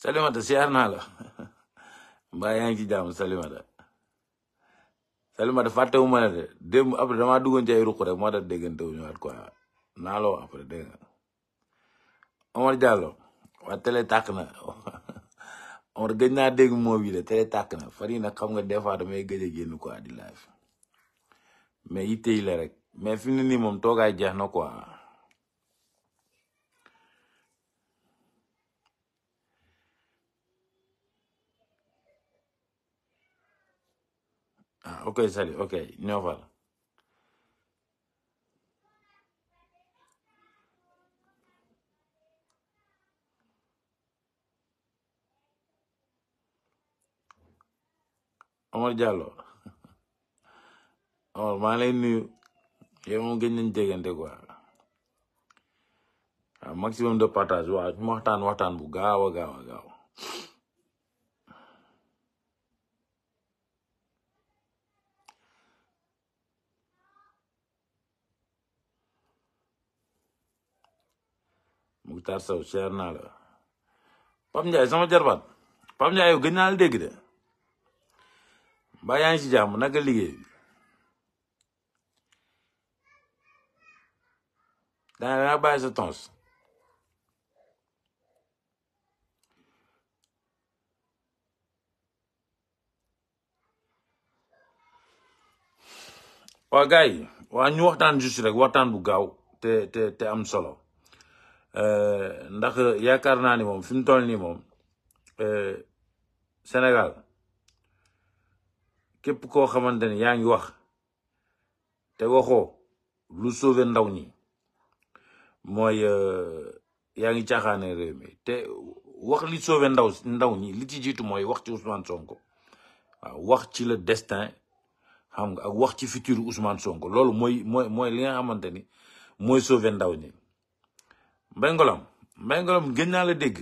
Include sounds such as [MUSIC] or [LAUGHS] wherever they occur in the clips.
Salimata siyaar naa la [LAUGHS] mbaa yaa ngi ci jàmm Salimata Salimata fàttewuma la de démb après damaa duggoon ci ay ruq rek moo tax déggante wu naa dégg nga Omar Diallo na [LAUGHS] Omar gëj naa dégg moo bii de na fan yii nga de fois damay gëj a génn quoi di live mais yitte yi rek mais fi ni ne nii moom toogaay jeex na quoi. ok Saly ok ñoo fal Omar Diallo Omar maa ngi lay nuyu yow moom gën nañ déggante quoi maximum de partage waaw waxtaan waxtaan bu gaaw a gaaw a gaaw Moukhtar Sow cher naa la Pape Ndiaye la dégg de mbaa yaa ngi ci jàmm naka liggéey bi dana danga bàyyi sa tons waa gars yi waa ñu waxtaan juste rek waxtaan bu gaaw te te am solo Euh, ndax yaakaar naa ni moom fi mu toll nii moom euh, Sénégal képp koo xamante ni yaa ngi wax te waxoo lu sauver ndaw ñi mooy euh, yaa ngi caaxaane réew mi te wax li sauver ndaw ndaw ñi li ci jiitu mooy wax ci Ousmane Sonko waaw wax ci la destin xam nga ak wax ci futur Ousmane Sonko loolu mooy mooy li nga xamante ni mooy sauver ndaw ñi. Mbaye Ngolom Mbaye Ngolom gën naa la dégg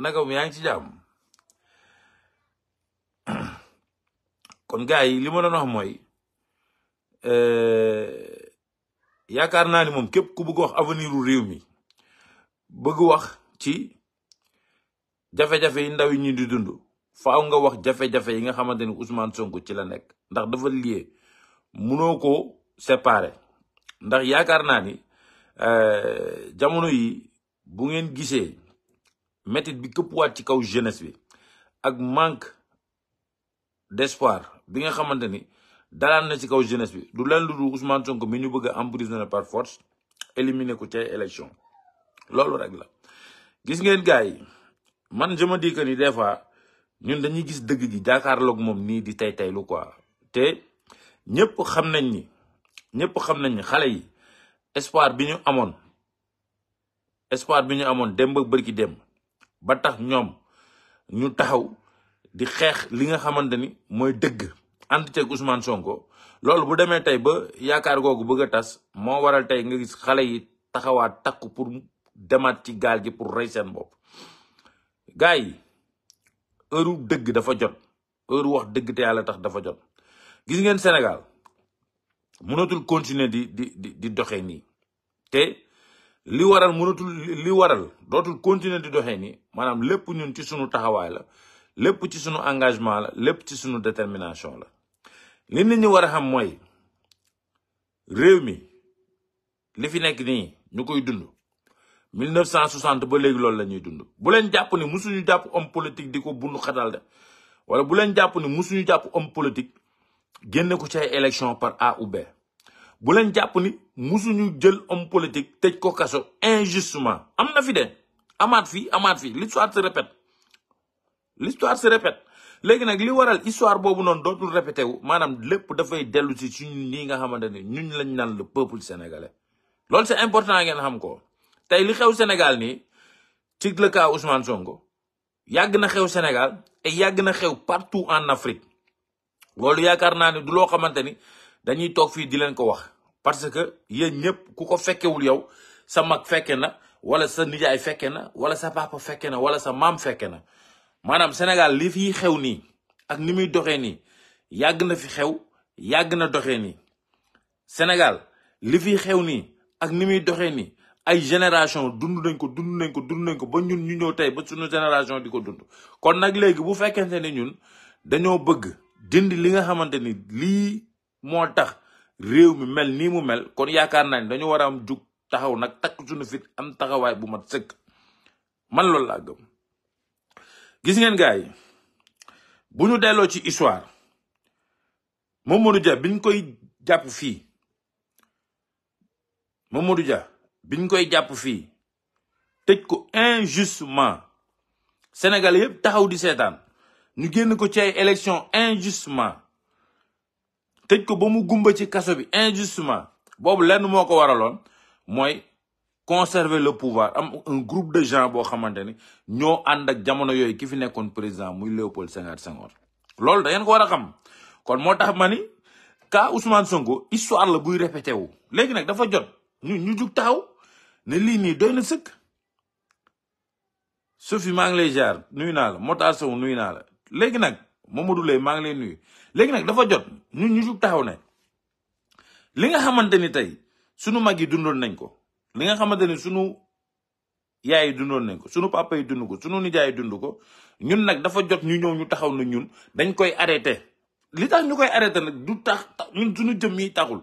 nagam yaa ngi ci jàmm [CLEARS THROAT] kon gars yi li ma doon wax mooy euh, yaakaar naa ni moom képp ku bëgg wax avenir u réew mi bëgg wax ci jafe-jafe yi ndaw yi ñu di dund faaw nga wax jafe-jafe yi nga xamante ni Ousmane Sonko ci la nekk ndax dafa lié munoo ko séparer ndax yaakaar naa ni Euh, jamono yi bu ngeen gisee métit bi këppwaat ci kaw jeunesse bi ak manque d'espoir bi nga xamante ni dalaan na ci kaw jeunesse bi du leen lu dul Ousmane Sonko mi ñu bëgg a emprisonner par force éliminer ko ci élection loolu rek la gis ngeen gars yi man je me dis que ni des fois ñun dañuy gis dëgg gi jàkkaarloog moom nii di tey tey lu quoi te ñëpp xam nañ ni ñëpp xam nañ ni xale yi espoir bi ñu amoon espoir bi ñu amoon dem ba bërki dem ba tax ñoom ñu taxaw di xeex li nga xamante ni mooy dëgg ànd ceeg Sonko loolu bu demee tey ba yaakaar googu bëgg a tas moo waral tey nga gis xale yi taxawaat takku pour demaat ci gaal gi pour rey seen bopp gars yi heure dëgg dafa jot heure wax dëgg te yàlla tax dafa jot gis ngeen Sénégal mënatul continuer di di di di doxee nii te li waral mënatul li waral dootul continuer di doxee nii maanaam lépp ñun ci sunu taxawaay la lépp ci sunu engagement la lépp ci sunu détermination la li nit ñu war a xam mooy réew mi li fi nekk nii ñu koy dund 1960 ba léegi loolu la ñuy dund bu leen jàpp ni musuñu jàpp homme politique di ko bundu xatal de wala bu leen jàpp ni musuñu jàpp homme politique génne ko ci ay élection par A ou bu leen jàpp ni ñu jël homme politique tëj ko kaso injustement am na fi de amaat fi amaat fi l'histoire se répète l'histoire se répète léegi nag li waral histoire boobu noonu dootul répété maanaam lépp dafay dellu si suñu nii nga xamante ni ñun lañ naan le peuple sénégalais loolu c'est important ngeen xam ko tey li xew Sénégal nii ci le cas Ousmane yàgg na xew Sénégal et yàgg na xew partout en Afrique loolu yaakaar naa ne du loo xamante ni dañuy toog fii di leen ko wax parce que yéen ñëpp ku ko fekkewul yow sa mag fekke na wala sa nijaay fekke na wala sa papa fekke na wala sa maam fekke na maanaam Sénégal li fii xew nii ak ni muy doxee nii yàgg na fi xew yàgg na doxee nii Sénégal li fi xew nii ak ni muy doxee nii ay génération dund nañ ko dund nañ ko dund nañ ko ba ñun ñu ñëw tey ba suñu génération di ko dund kon nag léegi bu fekkente ne ñun dañoo bëgg dindi li nga xamante ni lii moo tax réew mi mel nii mu mel kon yaakaar naa ni dañu war a am jug taxaw nag takk suñu fit am taxawaay bu mat sëkk man loolu laa gëm gis ngeen gars yi bu ñu delloo ci histoire Mamadou Dia biñ koy jàpp fii Mamadou Dia biñ koy jàpp fii tëj ko injustement Sénégal yëpp taxaw di seetaan ñu génn ko ci ay élection injustement tëj ko ba mu gumba ci kaso bi injustement boobu lenn moo ko waraloon mooy conserver le pouvoir am un groupe de gens boo xamante ni ñoo ànd ak jamono yooyu ki fi nekkoon président muy Léopold Senghor Senghor loolu da ngeen ko war a xam kon moo tax ma ni ka Ousmane Sonko histoire la buy répété wu léegi nag dafa jot ñu ñu jug taxaw ne lii nii doy na sëkk Sophie maa ngi lay jaar nuyu naa la Motaar Sow nuyu naa la léegi nag Mamadou Leye maa ngi lay nuyu léegi nag dafa jot ñu ñu jug taxaw ne li nga xamante ni tey sunu mag yi dundoon nañ ko li nga xamante ni sunu yaay yi dundoon nañ ko sunu papa yi dund ko sunu nijaay yi dund ko ñun nag dafa jot ñu ñëw ñu taxaw na ñun dañ koy arrêté li tax ñu koy arrêté nag du tax ñun sunu jëm yi taxul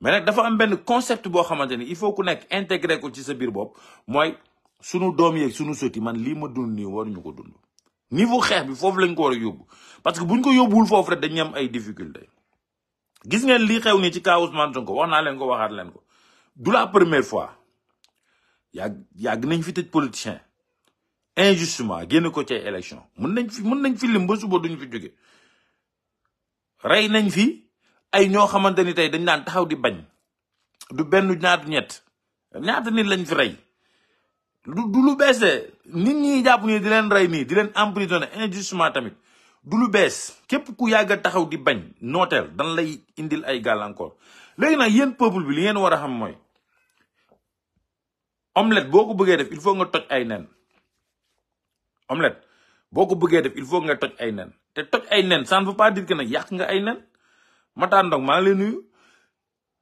mais nag dafa am benn concept boo xamante ni il faut ku nekk intégré ko ci sa biir bopp mooy sunu doom yeeg sunu soti man lii ma dund nii waruñu ko dund niveau xeex bi foofu lañ ko war a yóbbu parce que buñ ko yóbbuwul foofu rek dañuy am ay difficulté gis ngeen lii xew nii ci cas Ousmane Sonko wax naa leen ko waxaat leen ko du la première fois yàgg yàgg nañ fi te politicien injustement génn ko ci élection mën nañ fi mën nañ fi lim ba suba duñ fi jóge rey nañ fi ay ñoo xamante ni tey dañ daan taxaw di bañ du benn ñaata ñett ñaata nit lañ fi rey du lu bees de nit ñi jàpp nii di leen rey nii di leen emprisonné injustement tamit du lu bees képp ku yàgg taxaw di bañ nooteel dan lay indil ay gàllankoor léegi nag yéen peuple bi li ngeen war a xam mooy omelette boo ko bëggee def il faut nga toj ay neen omelette boo ko bëggee def il faut nga toj ay nen te toj ay neen ça ne pas dire que nag yàq nga ay nen Matar Ndong maa ngi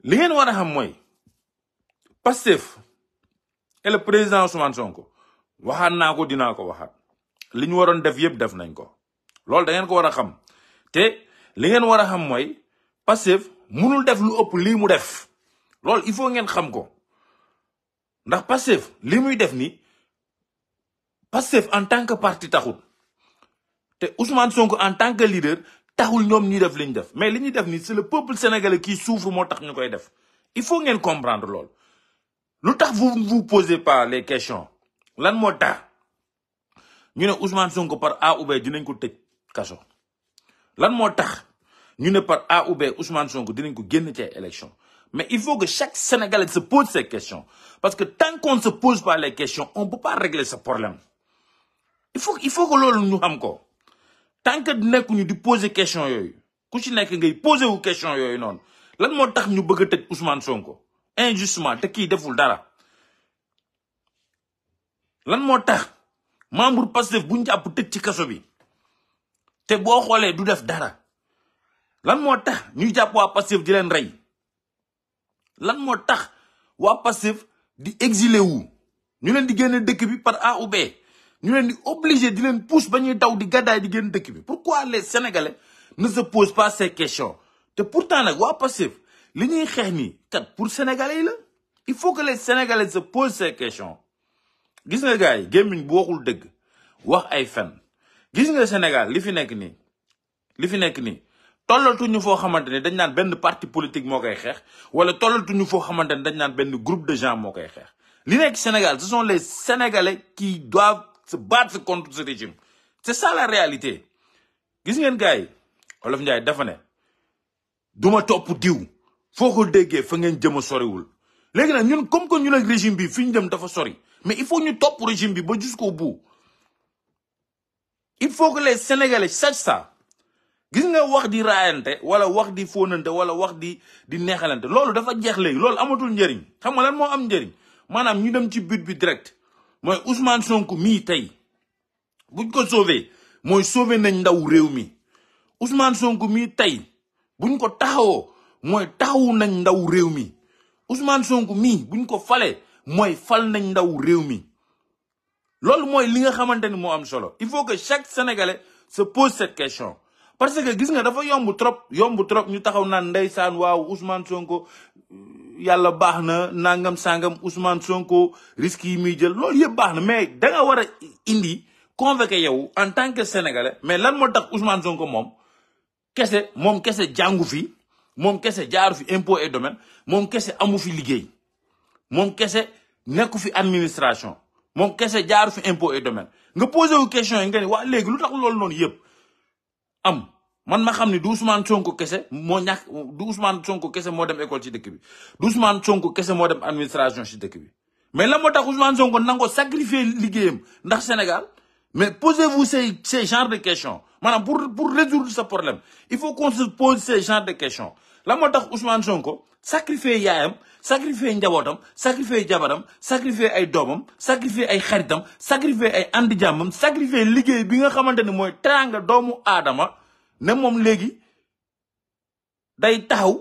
li ngeen war a xam mooy Pastef et le président Ousmane Sonko waxaan naa ko dinaa ko waxaat li ñu waroon def yëpp def nañ ko loolu da ko war a xam te li ngeen war a xam mooy Pastef munul def lu ëpp lii mu def loolu il faut ngeen xam ko ndax Pastef li muy def ni Pastef en tant que parti taxul te Ousmane Sonko en tant que leader taxul ñoom ñuy def li ñu def mais li ñuy def ni c'est le peuple sénégalais qui souffre moo tax ñu koy def il faut geen comprendre lool lu tax vous ne vous par les questions lan moo tax ñu ne Ousmane Sonko par A ou dinañ ko tëj kaso lan moo tax ñu ne par A ou B Sonko dinañ ko génn cee élection mais il faut que chaque Sénégalais se pose ces questions parce que tant qu'on ne pose pas les questions on peut pas régler ce problème il faut il faut que loolu ñu xam ko tant que nekkuñu di pose question yooyu ku ci nekk ngay poser wu question yooyu noonu lan moo tax ñu bëgg a tëj Ousmane Sonko. injustement te kii deful dara lan moo tax membre Pastef buñ jàpp tëj ci kaso bi te boo xoolee du def dara lan moo tax ñuy jàpp waa Pastef di leen rey lan moo tax waa Pastef di exilé wu ñu leen di génne dëkk bi par A ou ñu leen di obligé di leen pousse ba ñuy daw di gàddaay di génn dëkk bi pourquoi les Sénégalais ne se posent pas ces question te pourtant nag waa Pastef li ñuy xeex nii kat pour sénégalais yi la il faut que les sénégalais sa posent ces questions gis nga gars yi gémmiñ bu waxul dëgg wax ay fen gis nga Sénégal li fi nekk nii li fi nekk nii tollatuñu foo xamante ne dañ naan benn parti politique moo koy xeex wala tollatuñu foo xamante ne dañ naan benn groupe de gens moo koy xeex li nekk Sénégal ce son les sénégalais qui doivent sa battre contre ce régime c'est ça la réalité gis ngeen gars yi Olof Ndiaye dafa ne duma topp diw foo ko déggee fa ngeen jëm a soriwul léegi nag ñun comme que ñu ne régime bi fi ñu dafa sori mais il faut ñu topp régime bi ba jusqu'au bu il faut que les sénégalais sachent ça gis nga wax di raayante wala wax di fóonante wala wax di di neexalante loolu dafa jeex léegi loolu amatul njëriñ xam nga lan moo am njëriñ maanaam ñu dem ci but bi direct mooy Ousmane sonku mii tey buñ ko sauver mooy sauver nañ ndaw réew mi Ousmane Sonko mii tey buñ ko taxawoo. mooy taxawu nañ ndaw réew mi Ousmane Sonko mii buñ ko falee mooy fal nañ ndaw réew mi loolu mooy li nga xamante ni moo am solo il faut que chaque sénégalais se pose cette question parce que gis nga dafa yomb trop yomb trop ñu taxaw naan ndeysaan waaw Ousmane Sonko euh, yàlla baax na nangam sangam Ousmane Sonko risque yi muy jël loolu yëpp baax na mais da nga war a indi convoqué yow en tant que sénégalais mais lan moo tax Ousmane Sonko moom kese moom kese jàngu fi moom kese jaaru fi impôt et domaine moom kese amu fi liggéey moom kese nekku fi administration moom kese jaaru fi impôt et domaine nga posé wu question yi nga wa waa léegi lu taxu loolu noonu yëpp am man ma xam ne du Ousmane Sonko kese moo ñàkk du Ousmane Sonko kese moo dem école ci dëkk bi du Ousmane Sonko kese moo dem administration ci dëkk bi mais la moo tax Ousmane Sonko nangoo sacrifier liggéeyam ndax Sénégal mais posez-vous ces genre de question maanaam pour pour résoudre sa problème il faut qu'on se pose ce genre de questions la moo tax Ousmane Sonko sacrifier yaayam sacrifier njabootam sacrifier jabaram sacrifier ay doomam sacrifier ay xaritam sacrifier ay andi jàmmam sacrifier liggéey bi nga xamante ni mooy teraanga doomu aadama ne moom léegi day taxaw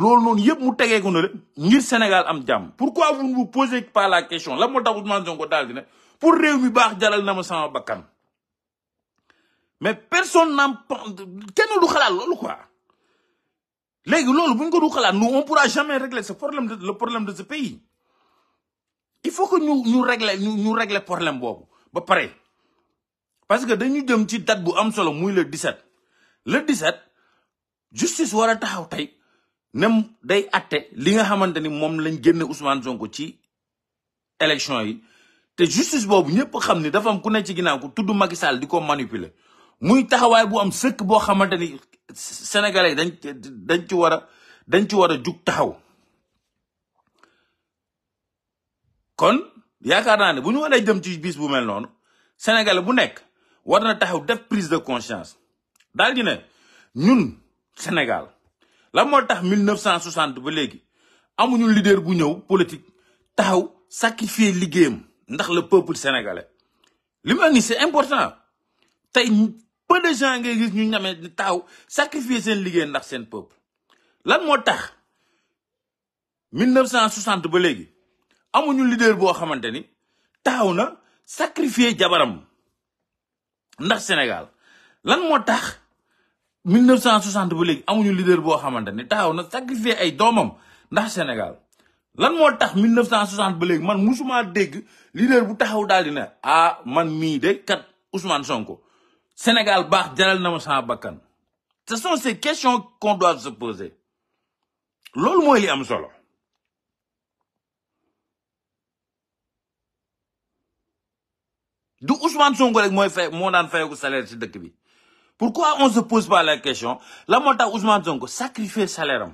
loolu noonu yëpp mu tegeeku na le ngir Sénégal am jàmm pourquoi vous ne vous posez pas la question la moo tax Ousmane Sonko daal di ne pour réew mi baax jalal na ma sama bakkan mais personne n'en kenn du xalaat loolu ko léegi loolu bu ñu ko du xalaat nous on pourra jamais régler ce problème le problème de ce pays il faut que ñu ñu régler ñu ñu régler problème boobu ba pare parce que dañu jëm ci date bu am solo muy le 17 le 17 justice war a taxaw tey nem day atte li nga xamante ni moom lañ génne Ousmane Sonko ci élection yi te justice boobu ñëpp xam ni dafa am ku ne ci ginnaaw ku tudd Macky Sall di ko manipuler muy taxawaay bu am sëkk boo xamante ni sénégalais dañ dañ ci war a dañ ci war a jug taxaw kon yaakaar naa ne bu ñu waree jëm ci bis bu mel noonu sénégalais bu nekk war na taxaw def prise de conscience daal di ne ñun Sénégal la moo tax 1960 ba léegi amuñu leader bu ñëw politique taxaw sacrifier liggéeyam ndax le peuple sénégalais li mu c'est important tey peu de gens ngay gis ñu ñamee taaw taxaw sacrifier seen liggéey ndax seen peuple lan moo tax cent 1960 ba léegi amuñu lider boo xamante ni taxaw na sacrifier jabaram ndax Sénégal lan moo tax 1960 ba léegi amuñu leader boo xamante ni taxaw na sacrifier ay doomam ndax Sénégal lan moo tax 1960 ba léegi man musuma dégg leader bu taxaw daal di ne ah man mii de kat Ousmane Sonko. Sénégal baax jaral na ma sama bakkan ce sont ces questions qu'on doit se poser loolu mooy li am solo du Ousmane Sonko rek mooy fay moo daan fayeku salaire ci dëkk bi pourquoi on se pose pas la question la moo tax Ousmane Sonko sacrifier salaire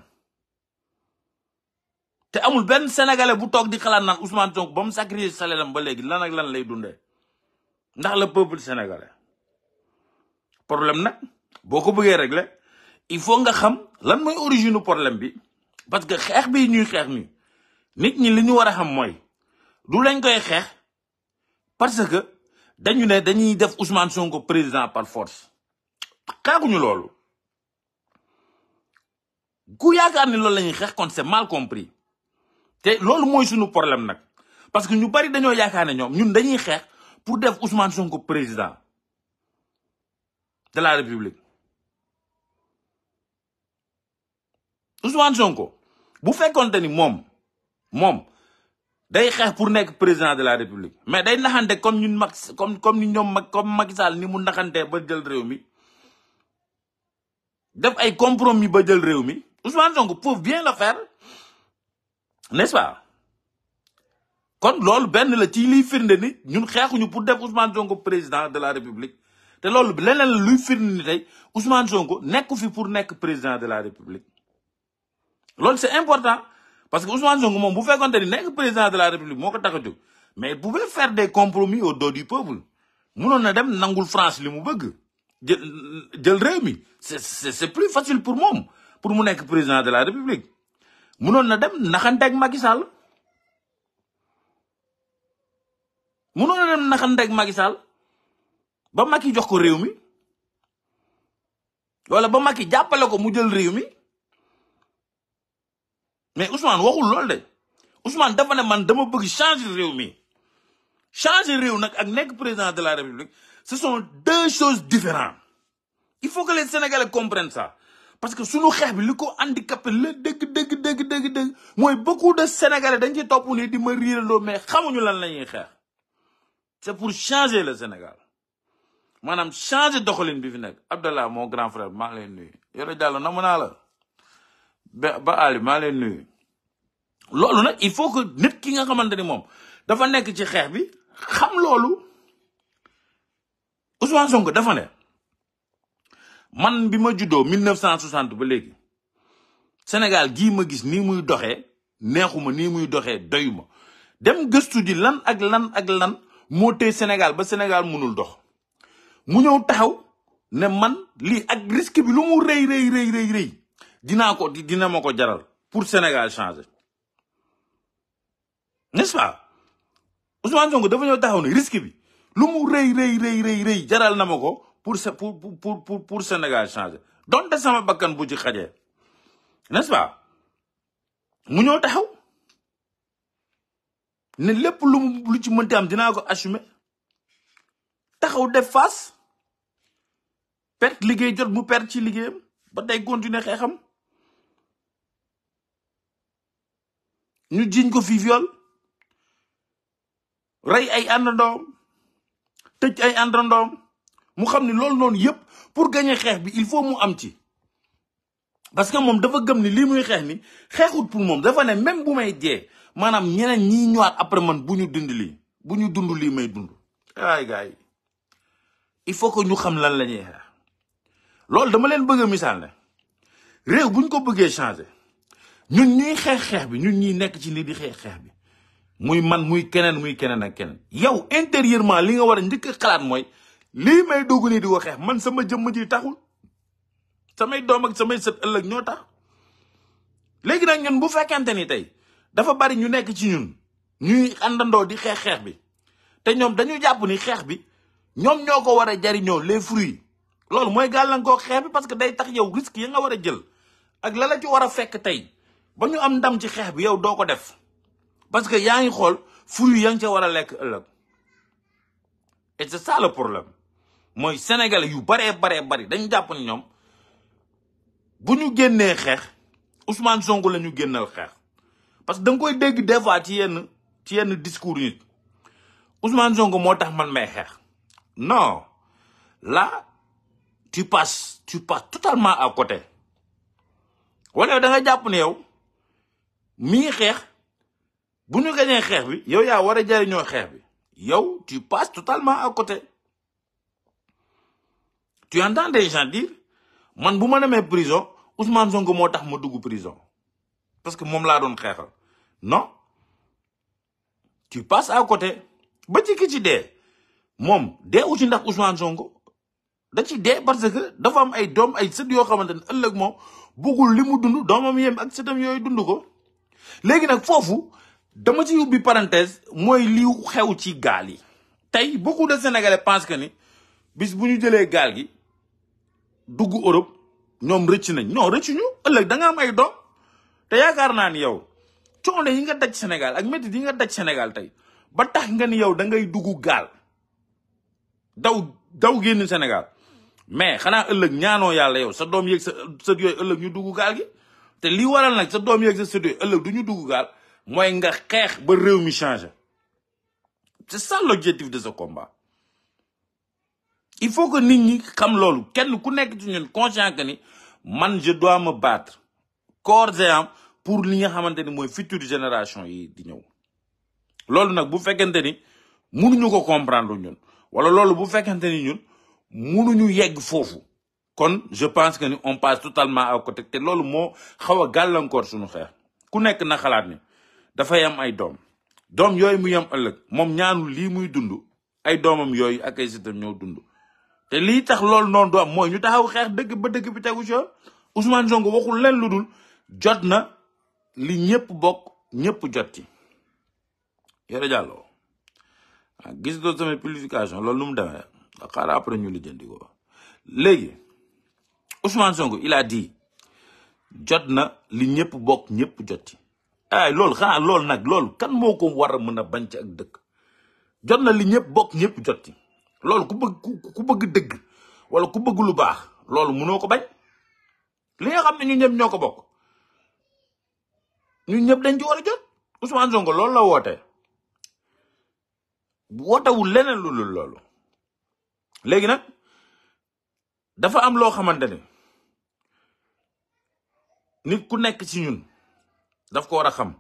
te amul benn sénégalais bu toog di xalaat naan Ousmane Sonko ba mu sacrifier salaire ba léegi lan ak lan lay dundee ndax la peuple sénégalais problème nag boo ko bëggee régler il faut nga xam lan mooy origine problème bi parce que xeex bi ñuy xeex nii nit ñi li ñu war a xam mooy du lañ koy xeex parce que dañu ne dañuy def Ousmane Sonko président par force xaaguñu loolu ku yaakaar ni loolu la ñuy xeex kon c'est mal compris te loolu mooy sunu problème nag parce que ñu bari dañoo yaakaar ne ñoom ñun dañuy xeex pour def Ousmane Sonko président de la république Ousmane Sonko bu fekkonte ni moom moom day xeex pour nekk président de la république mais day naxante comme ñun mag comme comme ni ñoom mag comme Macky Sall ni mu naxantee ba jël réew mi def ay compromis ba jël réew mi Ousmane Sonko peut bien la faire n'est-ce pas kon loolu benn la ci liy firnde ni ñun xeexuñu pour def Ousmane Sonko président de la république te loolu leneen la luy firnde ni tey Ousmane Sonko nekku fi pour nekk président de la République loolu c'est important parce que Ousmane Sonko moom bu fekkonte ni nekk président de la République moo ko tax a jóg mais il pouvait faire des compromis au dos du peuple munoon dem nangul France li mu bëgg jël réew mi c'est c'est plus pour moom pour mu nekk président de la République munoon na dem naxanteeg Macky Sall munoon na dem naxanteeg Macky Sall ba Macky jox ko réew mi wala ba Macky jàppale ko mu jël réew mi mais Ousmane waxul lool de Ousmane dafa ne man dama bëgg changer réew mi changer réew nag ak nekk président de la République ce son deux choses différentes il faut que les Sénégalais comprennent sa parce que sunu xeex bi li ko handicapé la dëgg dëgg dëgg dëgg dëgg mooy beaucoup de Sénégalais dañ ci topp ni di ma riiraloo mais xamuñu lan la ñuy xeex c'est pour changer le Sénégal maanaam changé doxalin bi fi nekk Abdallah moo grand frère maa ngi leen nuyu Yoro Diallo namu naa la ba ba Ali maa leen nuyu loolu nag il faut que nit ki nga xamante ni moom dafa nekk ci xeex bi xam loolu Ousmane Sonko dafa ne man bi ma juddoo 1960 ba léegi Sénégal gii ma gis nii muy doxee neexuma nii muy doxee doyuma dem gëstu lan ak lan ak lan moo tee Sénégal ba Sénégal munul dox mu ñëw taxaw ne man lii ak risque lu mu rëy rëy rëy rëy rëy dinaa ko dina ma ko jaral pour Sénégal changer n'est-ce pas Ousmane Sonko dafa ñëw taxaw ne risque bi lu mu rëy rëy rëy rëy rëy jaral na ma ko pour pour pour pour Sénégal changer donte sama bakkan bu ci xajee n'est-ce mu ñëw taxaw ne lépp lu mu lu ci mënti am dinaa ko assumer taxaw def face perte liggéey jot mu perte ci liggéey ba day continuer xeexam ñu jiñ ko fi viol rey ay àndandoom tëj ay àndandoom mu xam ni loolu noonu yépp pour gagner xeex bi il faut mu am ci parce que moom dafa gëm ni lii muy xeex ni xeexut pour moom dafa ne même bu may jee maanaam ñeneen ñiy ñëwaat après man bu ñu dund lii bu ñu dund lii may dund ay gars il faut que ñu xam lan la ñuy loolu dama leen bëgg a misaal ne réew bu ñu ko bëggee changer ñun ñuy xeex xeex bi ñun ñuy nekk ci lii di xeex xeex bi muy man muy keneen muy keneen ak keneen. yow intérieurement li nga war a njëkk a xalaat mooy lii may dugg nii di ko xeex man sama jëmm ji taxul samay doom ak samay sët ëllëg ñoo tax léegi nag ñun bu fekkente ni tey dafa bari ñu nekk ci ñun ñuy àndandoo di xeex xeex bi te ñoom dañu jàpp ni xeex bi ñoom ñoo ko war a jariñoo les fruits. loolu mooy gàllankoor xeex bi parce que day tax yow risque yi nga war a jël ak la la war a fekk tey ba ñu am ndam ci xeex bi yow doo ko def parce que yaa ngi xool fruit ya nga ca war a lekk ëllëg et c'est ça le problème mooy sénégalais yu baree baree bari dañ jàpp ne ñoom bu ñu génnee xeex Ousmane Sonko la ñu génnal xeex parce que da koy dégg des fois ci yenn ci yenn discours nit Ousmane Sonko moo tax man may xeex non là tu passes tu passes totalement à côté wala yow da nga jàpp ne yow mi ngi xeex bu ñu gañee xeex bi yow yaa war a jariñoo xeex bi yow tu passes totalement à côté tu entends des dire man bu ma demee prison Ousmane Sonko moo tax ma dugg prison parce que moom laa doon xeexal non tu passes à côté ba ci ci dee moom dee uti ndax Ousmane Sonko da ci dee parce que dafa am ay doom ay sët yoo xamante ne ëllëg moom bëggul li mu dund doomam yem ak sëtam yooyu dund ko léegi nag foofu dama ci ubbi parenthèse mooy li xew ci gaal yi tey beaucoup de sénégalais pensent que ni bis bu ñu jëlee gaal gi dugg Europe ñoom rëcc nañ non rëccuñu ëllëg da nga am ay doom te yaakaar naa ni yow coono yi nga daj Sénégal ak métti yi nga daj Sénégal tey ba tax nga ni yow da ngay dugg gaal daw daw génn Sénégal mais xanaa ëllëg ñaanoo yàlla yow sa doom yeeg sa sët yooyu ëllëg ñu dugg gaal gi te lii waral nag sa doom yeeg sa sët yooyu ëllëg du ñu dugg gaal mooy nga xeex ba réew mi changé c'est ça l'objectif de ce combat il faut que nit ñi xam loolu kenn ku nekk ci ñun conscient que ni man je dois me battre corps et âme pour li nga xamante ni mooy future génération yi di ñëw loolu nag bu fekkente ni mënuñu ko comprendre ñun wala loolu bu fekkente ni ñun ñu yegg foofu kon je pense que ni on passe totalement à côté te loolu moo xaw a gàllankoor suñu xeex ku nekk na xalaat ni dafay am ay doom doom yooyu muy am ëllëg moom ñaanu lii muy dund ay doomam yooyu ak ay sëtam ñoo dund te lii tax loolu noon doom mooy ñu taxaw xeex dëgg ba dëgg bi tegu ci Ousmane Sonko waxul leen lu dul jot na li ñëpp bokk ñëpp jot ci Yoro Diallo ah, gis doo sama purification loolu nu mu demee xaar après ñu lijjanti ko léegi Ousmane Sonko jot na li ñëpp bokk ñëpp jot ci ay loolu xanaa loolu nag lool kan moo ko war a mën a bañ ci ak dëkk jot na li ñëpp bokk ñëpp jot ci loolu ku bëgg bëgg dëgg wala ku bëgg lu baax loolu mënoo ko bañ li nga xam ne ñu ñëpp ñoo ko bokk ñu ñëpp dañ ci war a jot Ousmane Sonko loolu la woote wootewul leneen lu lool léegi nag dafa am loo xamante ne nit ku nekk ci ñun daf ko war a xam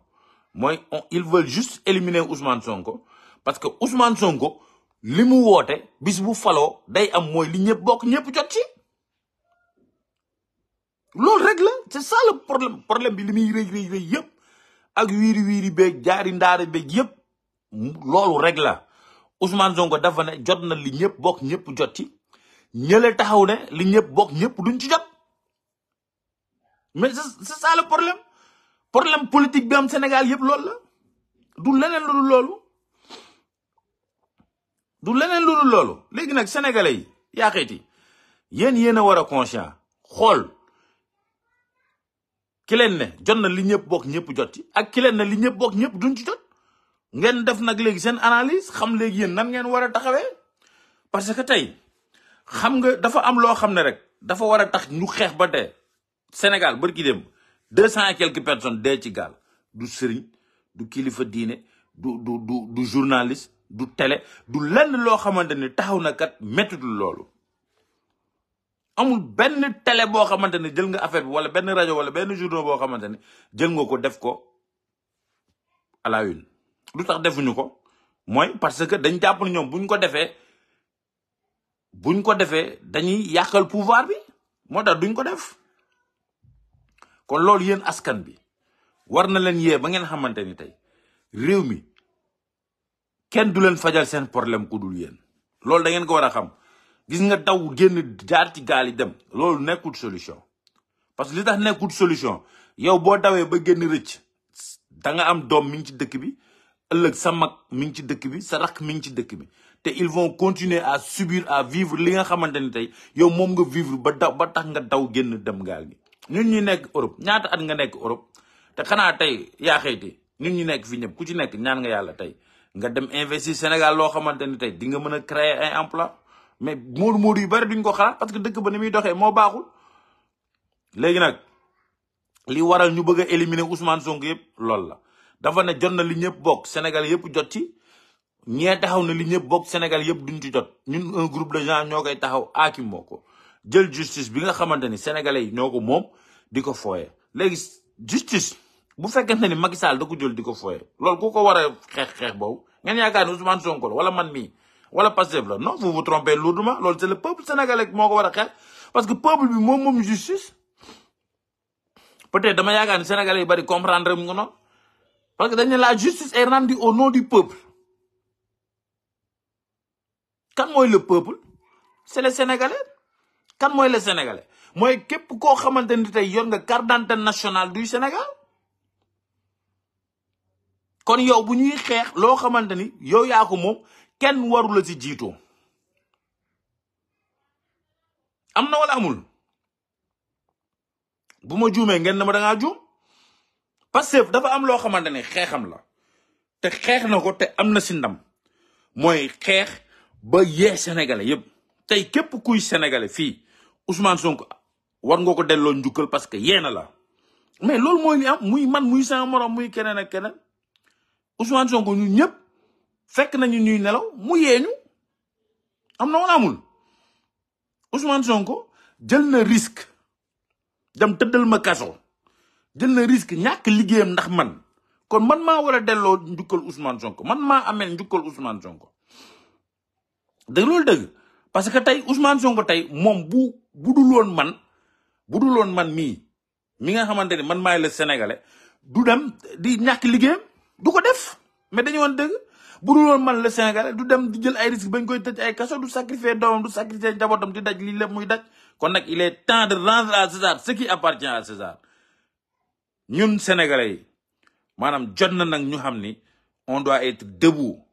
mooy on ils veulent éliminer Ousmane Sonko parce que Ousmane Sonko li mu woote bis bu faloo day am mooy li ñëpp bokk ñëpp jot ci loolu rek la c'est ça le problème bi li muy rëy rëy yëpp ak wiiri wiiri beeg jaari ndaare beeg yëpp loolu rek la Ousmane Sonko dafa ne jot na li ñëpp bokk ñëpp jot ci ñële taxaw ne li ñëpp bokk ñëpp duñ ci jot mais c'est ça le problème problème politique am Sénégal yëpp loolu la du leneen lu loolu du leneen lu loolu léegi nag sénégalais yi yaa xayti yéen yéen a war a conscient xool ki leen jot na li ñëpp bokk ñëpp jot ci ak ki leen ne li ñëpp bokk ñëpp duñ ci ngeen def nag léegi seen analyse xam léegi yéen nan ngeen war a taxawee parce que tey xam nga dafa am loo xam ne rek dafa war a tax ñu xeex ba dee Sénégal bërki dem deux cent et quelques personnes dee ci gaal du sëriñ du kilifa diine du du du du journaliste du télé du lenn loo xamante ni taxaw na kat méttitul loolu amul benn télé boo xamante ne jël nga affaire bi wala benn rajo wala benn journal boo xamante ne jël nga ko def ko à la lu tax defuñu ko mooy parce que dañ jàpp ne ñoom buñ ko defee buñ ko defee dañuy yàqal pouvoir bi moo tax duñ ko def kon loolu yéen askan bi war na leen yee ba ngeen xamante ni tey réew mi kenn du leen fajal seen problème ku dul yéen loolu da ngeen ko war a xam gis nga daw génn jaar ci gaal yi dem loolu nekkul solution parce que li tax nekkul solution yow boo dawee ba génn rëcc da nga am doom mi ci dëkk bi ëllëg sa mag mi ngi ci dëkk bi sa rakk mi ngi ci dëkk bi te ils vont continuer à subir à vivre li nga xamante ni tey yow moom nga vivre ba daw ba tax nga daw génn dem gaal gi ñu ñu nekk Europe ñaata at nga nekk Europe te xanaa tey yaa ñu ñun ñu nekk fi ñëpp ku ci nekk ñaan nga yàlla tey nga dem investir Sénégal loo xamante ni tey di nga mën a créer ay emploi mais moodu moodu yu bari duñ ko xalaat parce que dëkk ba ni muy doxee moo baaxul léegi nag li waral ñu bëgg a éliminer Ousmane Sonko yëpp loolu la dafa ne jot na li ñëpp bokk Sénégal yëpp jot ci ñee taxaw na li ñëpp bokk Sénégal yëpp duñ ci jot ñun un groupe de gens ñoo koy taxaw aakim moo ko jël justice bi nga xamante ni sénégalais yi ñoo ko moom di ko fooye léegi justice bu fekkente ni Macky Sall da ko jël di ko fooye loolu ku ko war a xeex-xeex boobu ngeen yaakaar ni Ousmane Sonko la wala man mii wala Pastef la non vous vous trompez lool loolu c'est le peuple sénégalais moo ko war a xeex parce que peuple bi moom moom justice peut-être dama yaakaar ni sénégalais yi bari comprendre mu nga noonu parce que dañ ne la justice est rendue au nom du peuple kan mooy le peuple c'est les sénégalais kan mooy les sénégalais mooy képp koo xamante ni tey yor nga carte d'identité nationale du Sénégal kon yow bu ñuy xeex loo xamante ni yow yaa ko moom kenn waru la ci jiitoo am na wala amul bu ma juumee ngeen na ma da ngaa juum Pastef dafa am loo xamante ne xeexam la te xeex na ko te am na si ndam mooy xeex ba yee sénégalais yëpp tey képp kuy sénégalais fii Ousmane Sonko war nga ko delloo njukkal parce que yee na la mais loolu mooy li am muy man muy sama morom muy keneen ak keneen Ousmane Sonko ñun ñëpp fekk nañu ñuy nelaw mu yee ñu am na woon amul Ousmane Sonko jël na risque dem tëddal ma kaso. jël na risque ñàkk liggéeyam ndax man kon man maa war a delloo njukkal Ousmane Sonko man maa amel njukkal Ousmane Sonko dëgg loolu dëgg parce que tey Ousmane Sonko tey moom bu budu woon man budu loon man mii mi nga xamante ni man maay la sénégalais du dem di ñàkk liggéeyam du ko def mais dañu woon dëgg budul woon man la sénégalais du dem di jël ay risque bañ koy tëj ay kaso du sacrifier doomam du sacrifier njabootam di daj lii lépp muy daj kon nag il est temps de rendre à César ce qui ñun sénégalais yi maanaam jot na nag ñu xam ni on doit être debout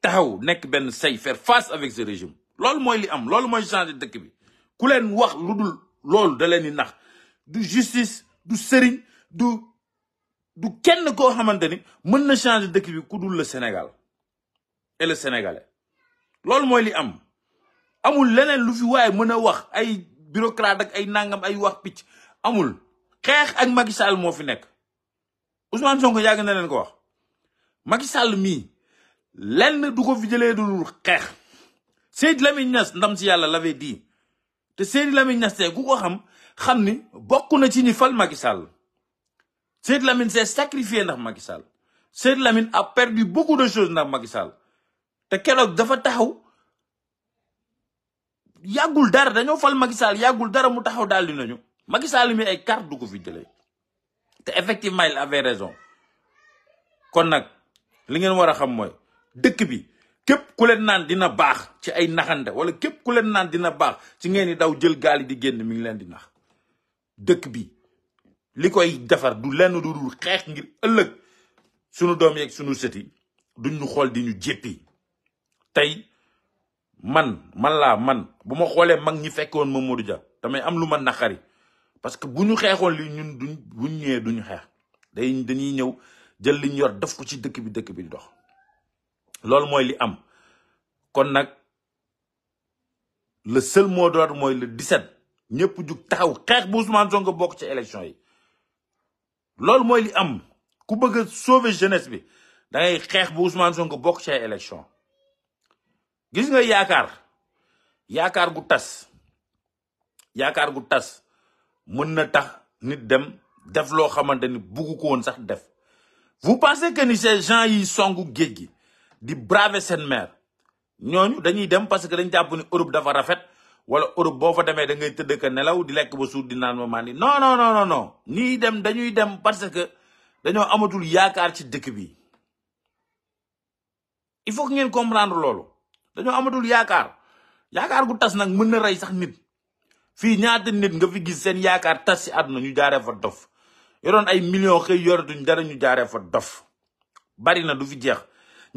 taxaw nekk benn say faire face avec ce régime loolu mooy li am loolu mooy changer dëkk bi ku leen wax lu dul loolu da leen di nax du justice du sëriñ du du kenn koo xamante ni mën na changer dëkk bi ku dul le Sénégal et le sénégalais loolu mooy li am amul leneen lu fi waaye mën a wax ay bureaucrate ak ay nangam ay wax picc amul xeex ak Macky Sall moo fi nekk Ousmane Sonko yàgg na leen ko wax Macky Sall mii lenn du ko fi jëlee dul xeex Seydi Lamine Niass ndam si yàlla l'avait dit te Seydi Lamine Niass te ku ko xam xam ni bokk na ci ñi fal Macky Sall Seydi Lamine s'est sacrifié ndax Macky Sall Seydi Lamine a perdu beaucoup de choses ndax Macky te keroog dafa taxaw yàggul dara dañoo fal Macky Sall yàggul dara mu taxaw daal di nañu Macky Sall mi ay carte du ko fi jëlee te effectivement il avait raison kon nag li ngeen war a xam mooy dëkk bi képp ku leen naan dina baax ci ay naxante wala képp ku leen naan dina baax ci ngeen di daw jël gaal yi di génn mi ngi leen di nax dëkk bi li koy defar du lenn du dul xeex ngir ëllëg sunu doom yeeg sunu sëti duñ ñu xool di ñu jéppi tey man man laa man bu ma xoolee mag ñi fekkoon Mamadou ja damay am lu ma naqari parce que bu ñu xeexoon li ñun duñ buñ ñëwee duñu xeex day dañuy ñëw jël liñ yor def ko ci dëkk bi dëkk bi di dox loolu mooy li am kon nag le seul mot d'ordre mooy le 17 ñëpp jug taxaw xeex bu Ousmane Sonko bokk ci élection yi loolu mooy li am ku bëgg a sauver jeunesse bi da xeex bu Ousmane Sonko bokk ci élection gis nga yaakaar yaakaar gu tas yaakaar gu tas mën na tax nit dem def loo xamante ni bugg ko woon sax def vous pensez que ni ces yi songu géej gi di braver seen mer ñooñu dañuy dem parce que dañ jàpp ni Europe dafa rafet wala Europe boo fa demee da ngay tëdd nelaw di lekk ba suur di naan ma mandi non non non non ñiy dem dañuy dem parce que dañoo amatul yaakaar ci dëkk bi il faut que ngeen comprendre loolu dañoo amatul yaakaar yaakaar gu tas nag mën na rey sax nit fii ñaata nit nga fi gis seen yaakaar tas si àdduna ñu jaaree fa dof yoroon ay million xëy yoratuñ dara ñu jaaree fa dof bari na du fi jeex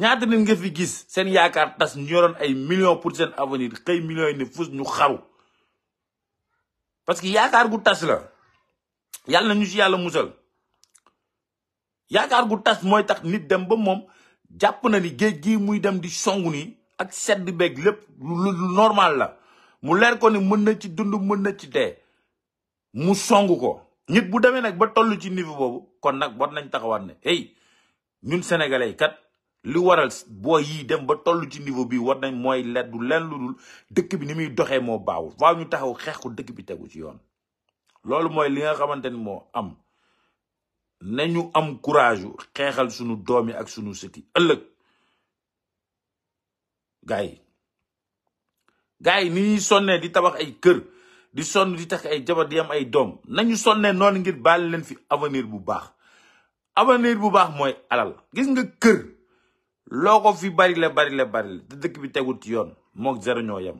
ñaata nit nga fi gis seen yaakaar tas ñu yoroon ay million pour seen avenir xëy millions yi ne fus ñu xaru parce que yaakaar gu tas la yàlla na ñu si yàlla musal yaakaar gu tas mooy tax nit dem ba moom jàpp na ni géej gi muy dem di songu nii ak sedd beeg lépp normal la mu leer ko ni mën na ci dund mën na ci dee mu song ko nit bu demee nag ba tollu ci niveau boobu kon nag war nañ taxawaat ne hey ñun sénégalais kat li waral boo yii dem ba toll ci niveau bi war nañ mooy leer du leen lu dul dëkk bi ni muy doxee moo baawul waaw ñu taxaw xeexu dëkk bi tegu ci yoon loolu mooy li nga xamante ni moo am nañu am courage xeexal sunu doom yi ak sunu sëti ëllëg gars yi gars yi ni ñuy sonnee di tabax ay kër di sonn di tax ay jabar di yam ay doom nañu sonnee noonu ngir baal leen fi avenir bu baax avenir bu baax mooy alal gis nga kër loo fi bari la bari la bari la te dëkk bi tegul ci yoon moog zéro ñoo yem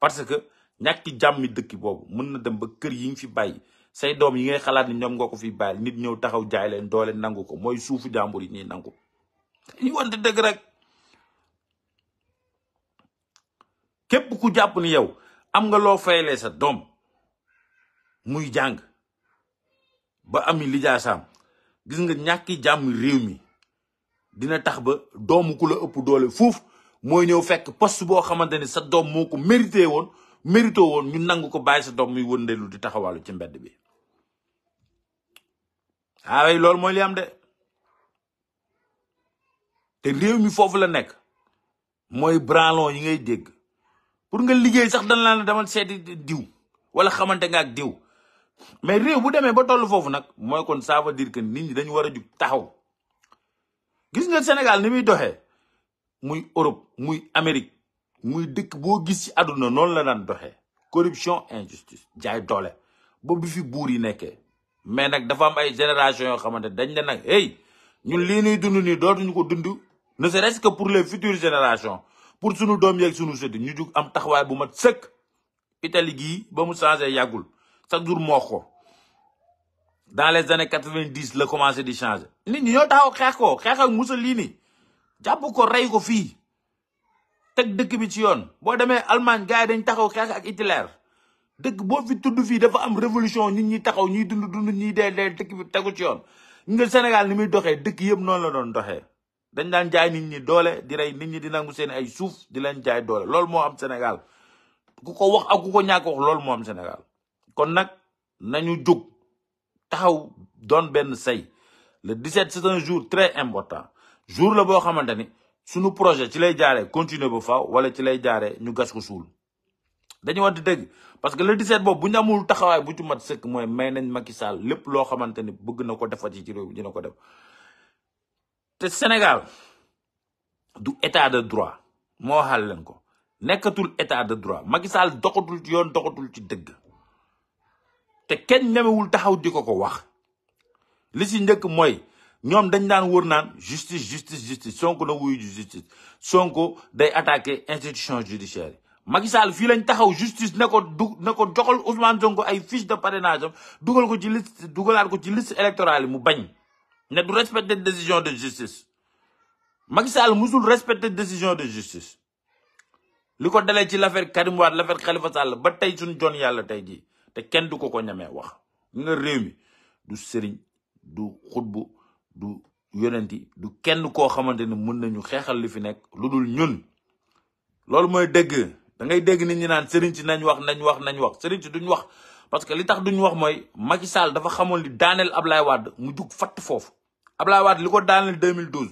parce que ñàkki jàmmi dëkk boobu mën na dem ba kër yi nga fi bàyyi say doom yi ngay xalaat ni ñoom nga ko fi bàyyi nit ñëw taxaw jaay leen doole nangu ko mooy suufu jàmbur yi ñuy nangu ñu wante dëgg képp ku jàpp ni yow am nga loo fayalee sa doom muy jàng ba ami lijaasaam gis nga ñàkki jàmm réew mi dina tax ba doomu ku la ëpp doole fuuf mooy ñëw fekk poste boo xamante ni sa doom moo ko mérité woon mérito ñu nangu ko bàyyi sa doom muy wëndeelu di taxawalu ci mbedd bi waawey ah loolu mooy li am de te réew mi foofu la nekk mooy branlon yi ngay dégg pour nga liggéey sax dañ la demal seeti diw wala xamante nga ak diw mais réew bu demee ba toll foofu nag mooy kon ça veut dire que nit ñi dañu war a jug taxaw gis nga Sénégal ni muy doxee muy Europe muy Amérique muy dëkk boo gis ci àdduna noonu la daan doxee corruption injustice jaay doole boobu bi fi buur yi nekkee mais nag dafa am ay génération yoo xamante dañ ne nag hey ñun lii nuy dund nii dootuñu ko dund ne serait-ce que pour les futures génération pour sunu doom yeeg sunu sët ñu jug am taxawaay bu mat sëkk itali gii ba mu changé yàggul chaque jour moo ko dans les années quatre-vingt-dix la commencé di changé. nit ñi ñoo taxaw xeex ko xeex ak Mussolini jàpp ko rey ko fii teg dëkk bi ci yoon boo demee Allemagne gars yi dañ taxaw xeex ak Hitler dëkk boo fi tudd fii dafa am révolution nit ñi taxaw ñuy dund dund ñuy dee dee dëkk bi tegu ci yoon nga Sénégal ni muy doxee dëkk yëpp noonu la doon doxee. dañ daan jaay nit ñi doole di rey nit ñi di nangu seen ay suuf di leen jaay doole loolu moo am Sénégal ku ko wax ak ko ñàkk wax loolu moo am Sénégal kon nag nañu jug taxaw doon benn say le 17 c'est un jour très important jour la boo xamante ni suñu projet ci lay jaaree continuer ba faw wala ci lay jaaree ñu gas ko suul dañu wax di dëgg parce que le 17 boobu bu ñu amul taxawaay bu ci mat sëkk mooy may nañ Macky Sall lépp loo xamante ni bëgg na ko defati ci réew mi dina ko def te Sénégal du état de droit moo waxal leen ko nekkatul état de droit Macky Sall doxatul ci yoon doxatul ci dëgg te kenn ñemewul taxaw di ko ko wax li si njëkk mooy ñoom dañ daan wër naan justice justice justice Sonko na wuyu justice Sonko day attaqué institution judiciaire yi Macky Sall fii lañ taxaw justice ne ko du ne ko joxal Ousmane Sonko ay fiche de pare am dugal ko ci liste dugalaat ko ci liste électorale yi mu bañ ne du respecter décision de justice Macky Sall musul respecter décision de justice li ko dalee ci l'affaire Karim Wade l'affaire Khalifa Sall ba tey suñ jon yàlla tey jii te kenn du ko ko ñamee wax nga réew mi du sëriñ du xutbu du yonenti du kenn koo xamante mun na ñu xeexal li fi nekk lu dul ñun loolu mooy dëgg da ngay dégg nit ñi naan sëriñ si nañ wax nañ wax nañ wax sëriñ si duñ wax parce que li tax duñ wax mooy Macky Sall dafa xamoon li daaneel Ablaye Wade mu jug fatt foofu Abdoulaye Wade li ko daaneel 2012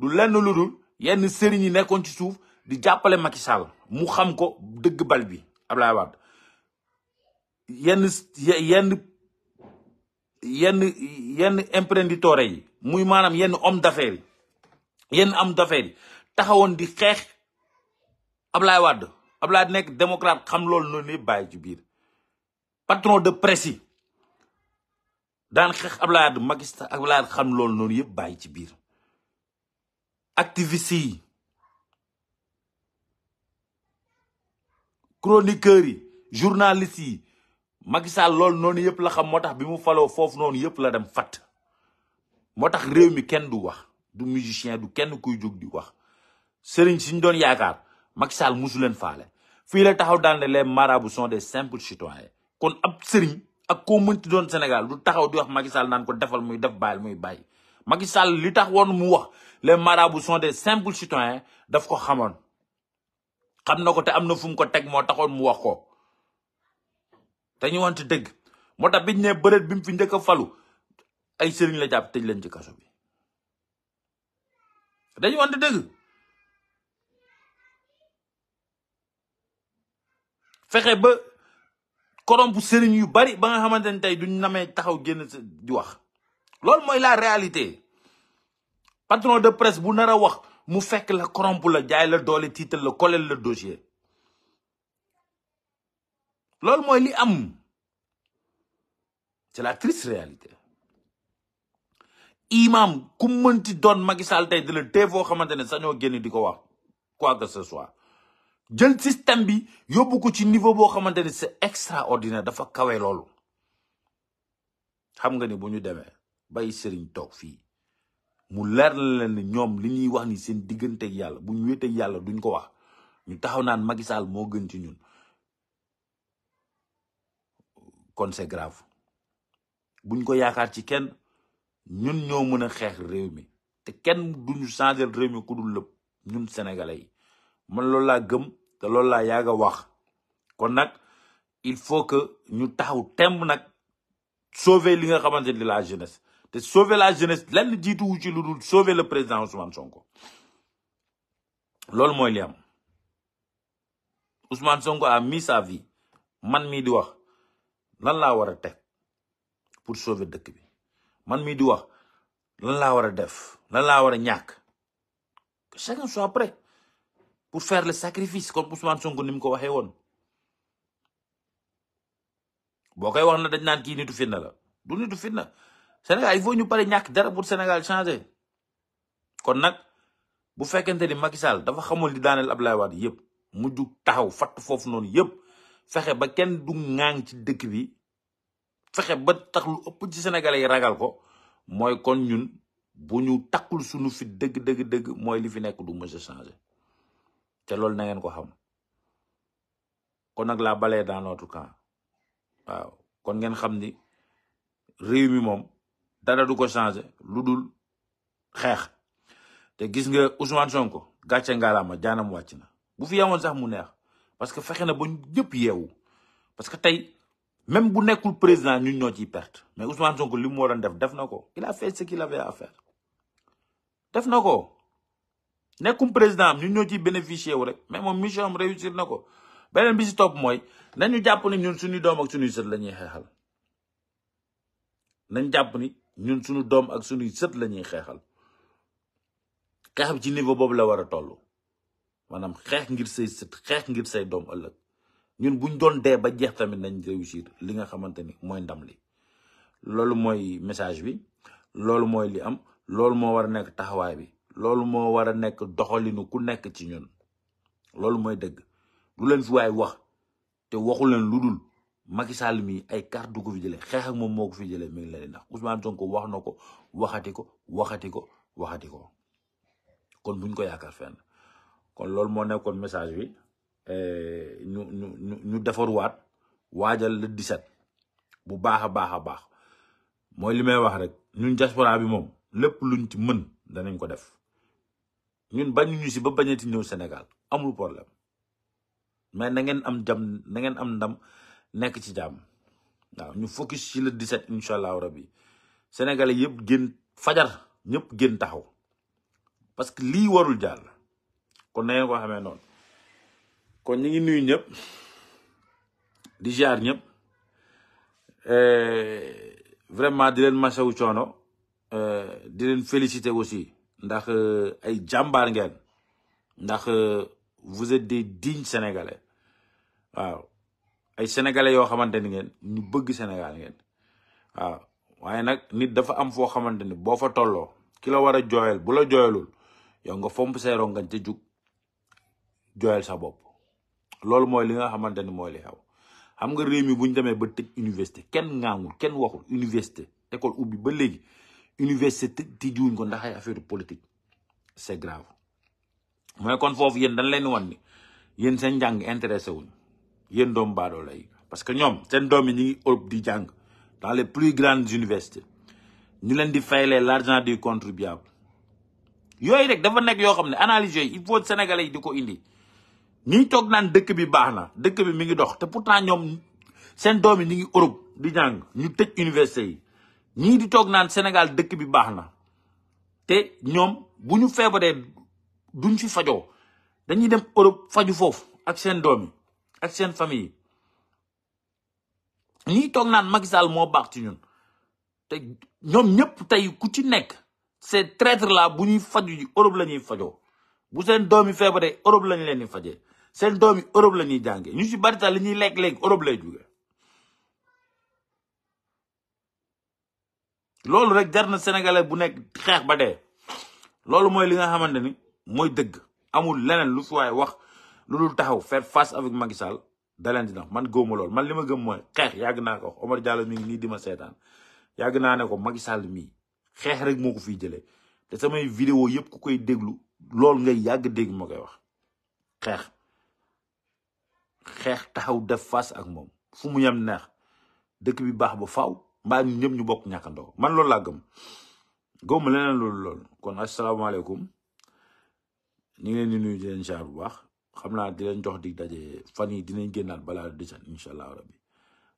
du lenn lu dul yenn sëriñ yi nekkoon ci suuf di jàppale Macky mu xam ko dëgg bal bi Abdoulaye Wade yenn yenn yenn yenn imprenditoire yi muy maanaam yenn homme d'affaires yi yenn homme d'affaires taxawoon di xeex Abdoulaye Wade Abdoulaye nekk démocrate xam loolu noonu yëpp bàyyi ci biir patron de presse yi daan xeex Abdoulaye Wade magista Abdoulaye Wade xam lool noonu yëpp bàyyi ci biir activiste yi chroniqueurs yi journalistes yi Macky Sall noonu yëpp la xam moo tax bi mu faloo foofu noonu yëpp la dem fatt moo tax réew mi kenn du wax du musicien du kenn kuy jóg di wax sëriñ suñ doon yaakaar Macky Sall musu leen faale fii la taxaw daan ne les marabouts sont des simples citoyens kon ab sëriñ ak koo mënti doon Sénégal du taxaw di wax Macky Sall naan ko defal muy def bàyyil muy bàyyi Macky Sall li tax woon mu wax les marabouts sont des simples citoyens daf ko xamoon xam na ko te am na fu mu ko teg moo taxoon mu wax ko dañu wante dëgg moo tax biñ ne bëreet bi fi njëkk a falu ay sëriñ la jàpp tëj leen ci kaso bi dañu wante dëgg fexe ba corrompu sëriñ yu bari ba nga xamante ne tey duñ namee taxaw génn di wax loolu mooy la réalité patron de presse bu nara wax mu fekk la corrompu la jaay la doole tiital la koleel la dossier loolu mooy li am c'est la triste réalité imam ku mënti doon Macky Sall tey di la tee foo xamante ne sañoo génn di ko wax quoi que ce soit jël système bi yóbbu ko ci niveau boo xamante ni c'est extraordinaire dafa kawe loolu xam nga ni bu ñu demee bay seriñ toog fii mu leer la leen ñoom li ñuy wax ni seen diggante yàlla bu ñu wéete yàlla duñ ko wax ñu taxaw naan Macky Sall moo gën ci ñun kon c'est grave buñ ko yaakaar ci kenn ñun ñoo mën a xeex réew mi te kenn duñu changer réew mi ku dul ñun sénégalais yi man loolu gëm te loolu laa yàgg a wax kon nag il faut que ñu taxaw temb nag sauver li nga xamante ni la jeunesse te sauver la jeunesse lenn jiitu ci lu dul sauver le président Ousmane Sonko loolu mooy li am Ousmane Sonko a mis sa vie man mii di wax lan laa war a teg pour sauver dëkk bi man mii di wax lan laa war a def lan laa war a ñàkk que chacun soit pour fair le sacrifice comme Ousmane Sonko ni mu ko waxee woon boo koy wax na dañ naan kii nitu fitna la du nitu fitna Sénégal il faut ñu pare ñàkk dara pour Sénégal changer kon nag bu fekkente ni Macky Sall dafa xamul ni daaneel Abdoulaye Wade mu mujj taxaw fatt foofu noonu yëpp fexe ba kenn du ŋaang ci dëkk bi fexe ba tax lu ëpp ci Sénégalais yi ragal ko mooy kon ñun bu ñu takkul suñu fit dëgg dëgg dëgg mooy li fi nekk du mës a te loolu na ngeen ko xam kon nag la balee dans notre camp waaw kon ngeen xam ni réew mi moom dara du ko changé lu dul xeex te gis nga Ousmane Sonko gàcce ngalaama jaanam wàcc na bu fi yemoon sax mu neex parce que fexe na ba ñëpp yeewu parce que tey même bu nekkul président ñun ñoo ciy perte mais Ousmane Sonko li mu waroon def def na ko il a fait ce qu'il avait def na ko. nekkum président am ñu ñoo ci bénéficier wu rek mais moom mission am réussir na ko beneen bi si mooy nañu jàpp ni ñun sunu doom ak suñuy sët la xeexal nañ jàpp ni ñun suñu doom ak suñuy sët lañuy xeexal xeex bi ci niveau boobu la war a toll maanaam xeex ngir say sët xeex ngir say doom ëllëg ñun buñ doon dee ba jeex tamit nañ réussir li nga xamante ni mooy ndam li loolu mooy message bi loolu mooy li am loolu moo war a nekk taxawaay bi loolu moo war a nekk doxalinu ku nekk ci ñun loolu mooy dëgg lu leen fi waay wax te waxu leen lu dul Macky Sall mii ay carte du ko fi jëlee xeex ak moom moo ko fi jëlee mi ngi leen ndax Ousmane Sonko wax na ko waxati ko waxati ko waxati ko kon buñ ko yaakaar fenn kon loolu moo nekkoon message wi eh, ñu ñu ñu ñu defaruwaat waajal le 17 bu baax a baax a baax mooy li may wax rek ñun diaspora bi moom lépp luñ ci mën danañ ko def. ñun bañu ñu si ba ti ñëw Sénégal amul problème mais na ngeen am jam na am ndam nekk ci jàmm waaw ñu focus ci le 17 incha allahu rabi sénégalais yëpp gën fajar ñëpp gën taxaw parce que lii warul jàll kon na ngeen ko xamee noonu kon ñu ngi nuyu ñëpp di jaar ñëpp euh, vraiment di leen masawu coono euh, di leen félicité aussi. ndax euh, ay jàmbaar ngeen ndax euh, vous êtes des dignes sénégalais waaw ay sénégalais yoo xamante ni ngeen ñu bëgg Sénégal ngeen waaw waaye nag nit dafa am foo xamante ni boo fa tolloo ki la war a jooyal bu la jooyalul yow nga fomp say rongañ ca jug jooyal sa bopp loolu mooy li nga xamante ni mooy li xew xam nga réew mi bu ñu demee ba tëj université kenn ngaangul kenn waxul université école ubi ba léegi université tijjuwuñ ko ndax ay affaire politique c'est grave mooy kon foofu yéen dañ leen wan ni yéen seen njàng intéressé wuñ yéen doom baadoolo yi parce que ñoom seen doom yi ñu ngi Europe di jàng dans les plus grandes universités ñu leen di fayalee l'argent du contribuable yooyu rek dafa nekk yoo xam ne analyse yooyu il faut sénégalais yi di ko indi ñu toog naan dëkk bi baax na dëkk bi mi ngi dox te pourtant ñoom seen doom yi ñu ngi Europe di jàng ñu teg université yi ñii di toog naan Sénégal dëkk bi baax na te ñoom bu ñu feebaree duñ si fajoo dañuy dem Europe faju foofu ak seen doomi ak seen famille yi ñii toog naan Macky Sall moo baax ci ñun te ñoom ñëpp tey ku ci nekk ces traîtres la bu ñuy faju ji Europe la ñuy fajoo bu seen doom yi feebaree Europe lañ leen di fajee seen doom yi Europe la ñuy jàngee ñu ci bari la ñuy lekk léegi Europe lay jóge loolu rek jar na sénégalais bu nekk xeex ba dee loolu mooy li nga xamante ni mooy dëgg amul leneen lu fi waaye wax lu dul taxaw faire fas avec Macky Sall da leen di nax man gëwuma lool man li ma gëm mooy xeex yàgg naa ko wax Omar Diallo mi ngi nii di ma seetaan yàgg naa ne ko Macky Sall mii xeex rek mooku ko fiy jëlee te samay vidéo yëpp ku koy déglu loolu ngay yàgg dégg ma koy wax xeex xeex taxaw def fas ak moom fu mu yem neex dëkk bi baax ba faw mbaa ñëpp ñu bokk ñàkkandoo man lool laa gëm gëmuma leneen lool loolu kon asalaamaaleykum ñu ngi leen di nuyu di leen ziar bu baax xam naa di leen jox dig daje fan yi dinañ bala di desan incha allah rabbi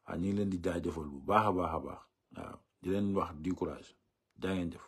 waaw ñu ngi leen di jaajëfal bu baax a baax a baax waaw di leen wax di courage jaa ngeen jëf